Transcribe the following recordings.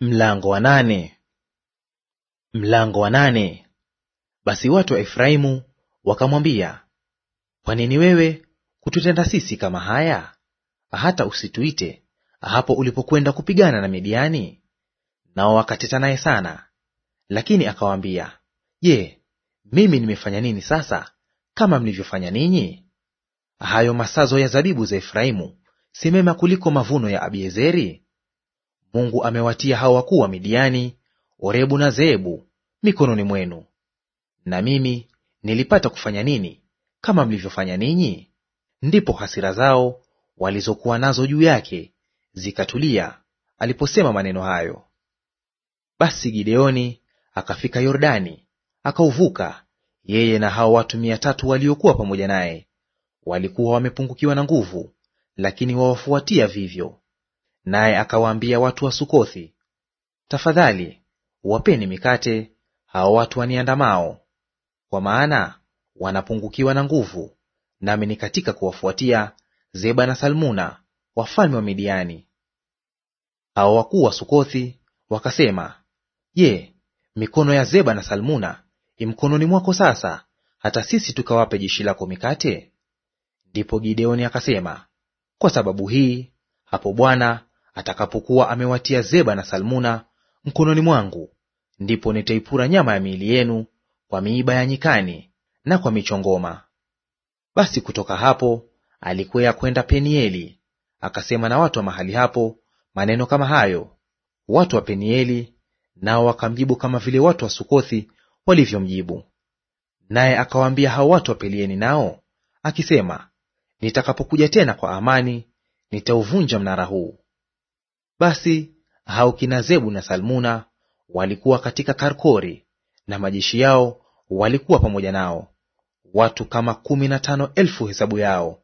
Mlango wa nane. Mlango wa nane. Basi watu wa Efraimu wakamwambia, kwa nini wewe kututenda sisi kama haya? Hata usituite hapo ulipokwenda kupigana na Midiani? Nao wakateta naye sana. Lakini akawaambia, je, mimi nimefanya nini sasa kama mlivyofanya ninyi? Hayo masazo ya zabibu za Efraimu si mema kuliko mavuno ya Abiezeri? Mungu amewatia hawa wakuu wa Midiani, Orebu na Zeebu, mikononi mwenu. Na mimi nilipata kufanya nini kama mlivyofanya ninyi? Ndipo hasira zao walizokuwa nazo juu yake zikatulia aliposema maneno hayo. Basi Gideoni akafika Yordani akauvuka, yeye na hao watu mia tatu waliokuwa pamoja naye. Walikuwa wamepungukiwa na nguvu, lakini wawafuatia vivyo. Naye akawaambia watu wa Sukothi, tafadhali wapeni mikate hao watu waniandamao, kwa maana wanapungukiwa na nguvu, nami ni katika kuwafuatia Zeba na Salmuna wafalme wa Midiani. Hao wakuu wa Sukothi wakasema, Je, mikono ya Zeba na Salmuna imkononi mwako sasa, hata sisi tukawape jeshi lako mikate? Ndipo Gideoni akasema, kwa sababu hii hapo Bwana atakapokuwa amewatia Zeba na Salmuna mkononi mwangu, ndipo nitaipura nyama ya miili yenu kwa miiba ya nyikani na kwa michongoma. Basi kutoka hapo alikwea kwenda Penieli, akasema na watu wa mahali hapo maneno kama hayo. Watu wa Penieli nao wakamjibu kama vile watu wa Sukothi walivyomjibu. Naye akawaambia hao watu wa Pelieni nao akisema, nitakapokuja tena kwa amani nitauvunja mnara huu. Basi haukinazebu Zebu na Salmuna walikuwa katika Karkori, na majeshi yao walikuwa pamoja nao, watu kama kumi na tano elfu hesabu yao,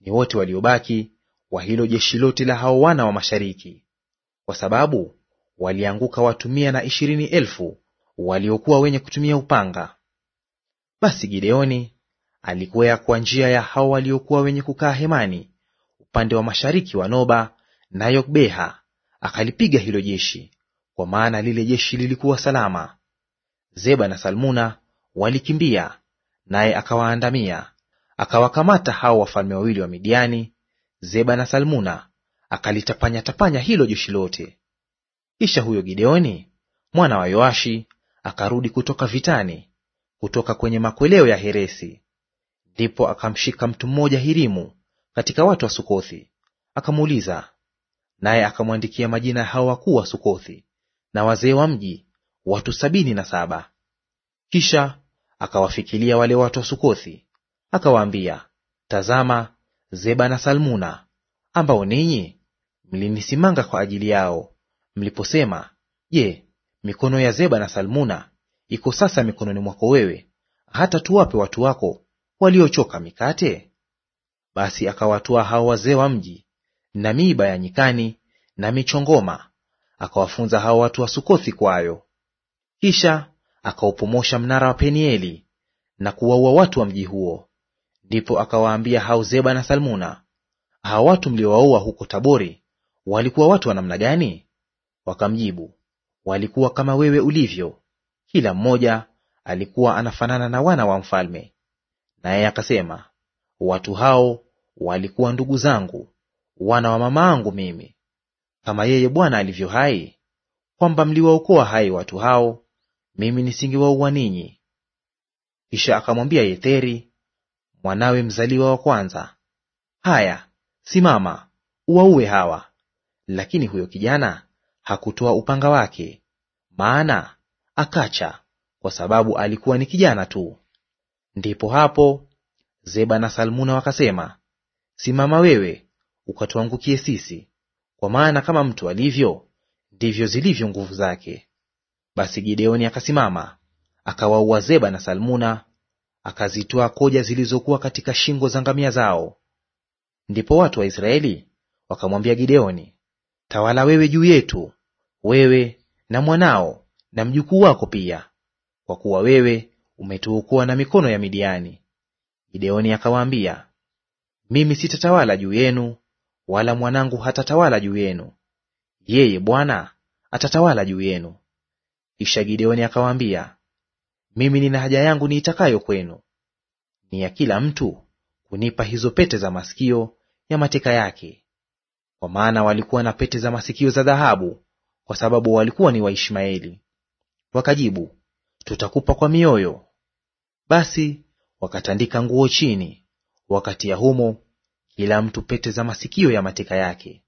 ni wote waliobaki wa hilo jeshi lote la hao wana wa mashariki, kwa sababu walianguka watu mia na ishirini elfu waliokuwa wenye kutumia upanga. Basi Gideoni alikwea kwa njia ya hao waliokuwa wenye kukaa hemani upande wa mashariki wa Noba na Yokbeha akalipiga hilo jeshi, kwa maana lile jeshi lilikuwa salama. Zeba na Salmuna walikimbia, naye akawaandamia, akawakamata hao wafalme wawili wa Midiani, Zeba na Salmuna, akalitapanya-tapanya hilo jeshi lote. Kisha huyo Gideoni mwana wa Yoashi akarudi kutoka vitani, kutoka kwenye makweleo ya Heresi. Ndipo akamshika mtu mmoja Hirimu katika watu wa Sukothi, akamuuliza, naye akamwandikia majina hao wakuu wa Sukothi na wazee wa mji, watu sabini na saba. Kisha akawafikilia wale watu wa Sukothi akawaambia, tazama, Zeba na Salmuna, ambao ninyi mlinisimanga kwa ajili yao mliposema, Je, mikono ya Zeba na Salmuna iko sasa mikononi mwako wewe, hata tuwape watu wako waliochoka mikate? Basi akawatoa hao wazee wa mji na miiba ya nyikani na michongoma, akawafunza hao watu wa Sukothi kwayo. Kisha akaupomosha mnara wa Penieli na kuwaua watu wa mji huo. Ndipo akawaambia hao Zeba na Salmuna, hao watu mliowaua huko Tabori walikuwa watu wa namna gani? Wakamjibu, walikuwa kama wewe ulivyo, kila mmoja alikuwa anafanana na wana wa mfalme. Naye akasema, watu hao walikuwa ndugu zangu, wana wa mamaangu mimi, kama yeye Bwana alivyo hai, kwamba mliwaokoa hai watu hao, mimi nisingewaua ninyi. Kisha akamwambia Yetheri mwanawe mzaliwa wa kwanza, haya, simama uwaue hawa. Lakini huyo kijana hakutoa upanga wake, maana akacha, kwa sababu alikuwa ni kijana tu. Ndipo hapo Zeba na Salmuna wakasema, simama wewe ukatuangukie sisi, kwa maana kama mtu alivyo ndivyo zilivyo nguvu zake. Basi Gideoni akasimama akawaua Zeba na Salmuna, akazitoa koja zilizokuwa katika shingo za ngamia zao. Ndipo watu wa Israeli wakamwambia Gideoni, tawala wewe juu yetu, wewe na mwanao na mjukuu wako pia, kwa kuwa wewe umetuokoa na mikono ya Midiani. Gideoni akawaambia, mimi sitatawala juu yenu, wala mwanangu hatatawala juu yenu; yeye Bwana atatawala juu yenu. Kisha Gideoni akawaambia, mimi nina haja yangu niitakayo kwenu, ni ya kila mtu kunipa hizo pete za masikio ya mateka yake, kwa maana walikuwa na pete za masikio za dhahabu, kwa sababu walikuwa ni Waishmaeli. Wakajibu, tutakupa kwa mioyo. Basi wakatandika nguo chini, wakatia humo ila mtu pete za masikio ya mateka yake,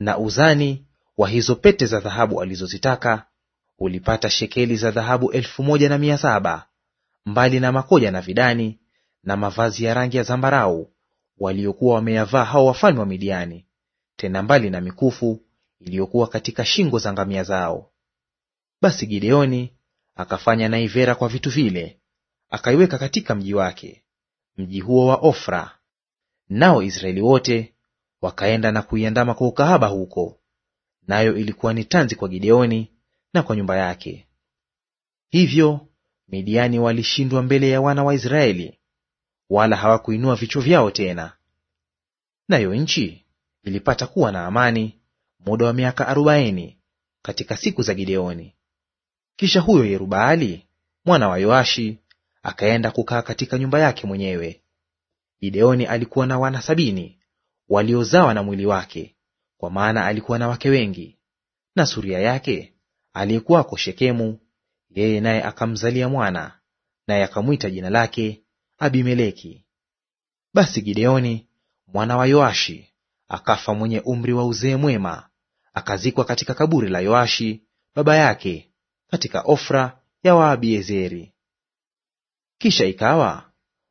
na uzani wa hizo pete za dhahabu alizozitaka ulipata shekeli za dhahabu elfu moja na mia saba mbali na makoja na vidani na mavazi ya rangi ya zambarau waliokuwa wameyavaa hao wafalme wa Midiani, tena mbali na mikufu iliyokuwa katika shingo za ngamia zao. Basi Gideoni akafanya naivera kwa vitu vile, akaiweka katika mji wake, mji huo wa Ofra, Nao Israeli wote wakaenda na kuiandama kwa ukahaba huko, nayo ilikuwa ni tanzi kwa Gideoni na kwa nyumba yake. Hivyo Midiani walishindwa mbele ya wana wa Israeli, wala hawakuinua vichwa vyao tena. Nayo nchi ilipata kuwa na amani muda wa miaka arobaini katika siku za Gideoni. Kisha huyo Yerubaali mwana wa Yoashi akaenda kukaa katika nyumba yake mwenyewe. Gideoni alikuwa na wana sabini waliozawa na mwili wake, kwa maana alikuwa na wake wengi. Na suria yake aliyekuwako Shekemu, yeye naye akamzalia mwana, naye akamwita jina lake Abimeleki. Basi Gideoni mwana wa Yoashi akafa mwenye umri wa uzee mwema, akazikwa katika kaburi la Yoashi baba yake katika Ofra ya Waabiezeri. Kisha ikawa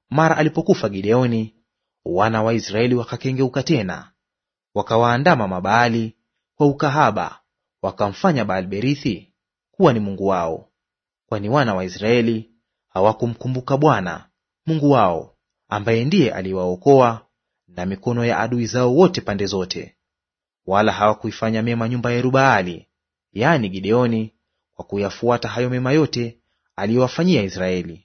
mara alipokufa Gideoni, wana wa Israeli wakakengeuka tena, wakawaandama Mabaali kwa ukahaba, wakamfanya Baal-Berithi kuwa ni mungu wao, kwani wana wa Israeli hawakumkumbuka Bwana Mungu wao, ambaye ndiye aliwaokoa na mikono ya adui zao wote pande zote. Wala hawakuifanya mema nyumba ya Yerubaali, yaani Gideoni, kwa kuyafuata hayo mema yote aliyowafanyia Israeli.